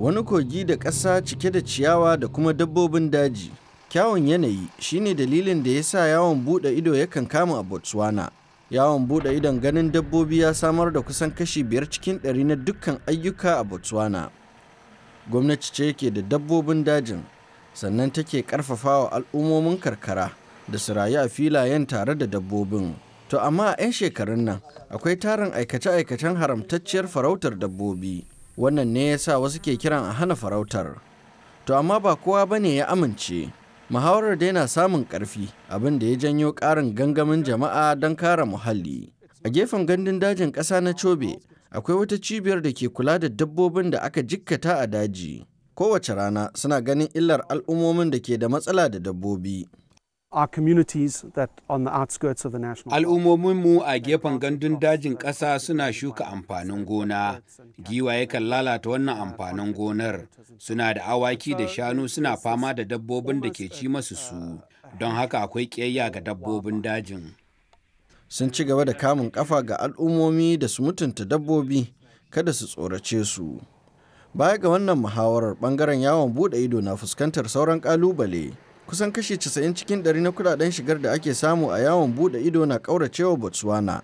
wani kogi da ƙasa cike da ciyawa da kuma dabbobin daji. Kyawun yanayi shine dalilin da ya sa yawon buɗe ido yakan kama a Botswana. Yawon buɗe idon ganin dabbobi ya samar da kusan kashi biyar cikin ɗari na dukkan ayyuka a Botswana. Gwamnati ce ke da dabbobin dajin, sannan take ƙarfafawa al'ummomin karkara da su rayu a filayen tare da dabbobin. To amma a 'yan shekarun nan akwai tarin aikace-aikacen haramtacciyar farautar dabbobi. wannan ne ya sa wasu ke kiran a hana farautar to amma ba kowa ba ne ya amince muhawarar da yana samun karfi abin da ya janyo ƙarin gangamin jama'a don kare muhalli a gefen gandun dajin ƙasa na cobe akwai wata cibiyar da ke kula da dabbobin da aka jikkata a daji kowace rana suna ganin illar al'ummomin da ke da matsala da dabbobi mu a gefen gandun dajin ƙasa suna shuka amfanin gona, giwaye kan lalata wannan amfanin gonar, suna da awaki da shanu suna fama da dabbobin da ke ci masu su, don haka akwai ƙiyayya ga dabbobin dajin. Sun ci gaba da kamun ƙafa ga al'ummomi da su mutunta dabbobi, kada su tsorace su. Baya ga wannan muhawarar ɓangaren yawon buɗe ido na fuskantar sauran ƙalubale. kusan kashi 90 cikin ɗari na kudaden shigar da ake samu a yawon bude ido na kauracewa botswana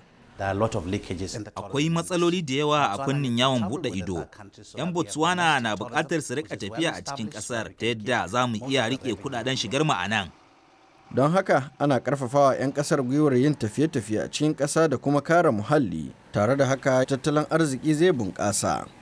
Akwai matsaloli da yawa a kunnin yawon buɗe ido. 'Yan Botswana na bukatar su rika tafiya a cikin ƙasar ta yadda za mu iya rike kuɗaɗen shigar mu a nan. Don haka ana karfafawa 'yan ƙasar gwiwar yin tafiye-tafiye a cikin ƙasa da kuma kare muhalli, tare da haka tattalin arziki zai bunƙasa.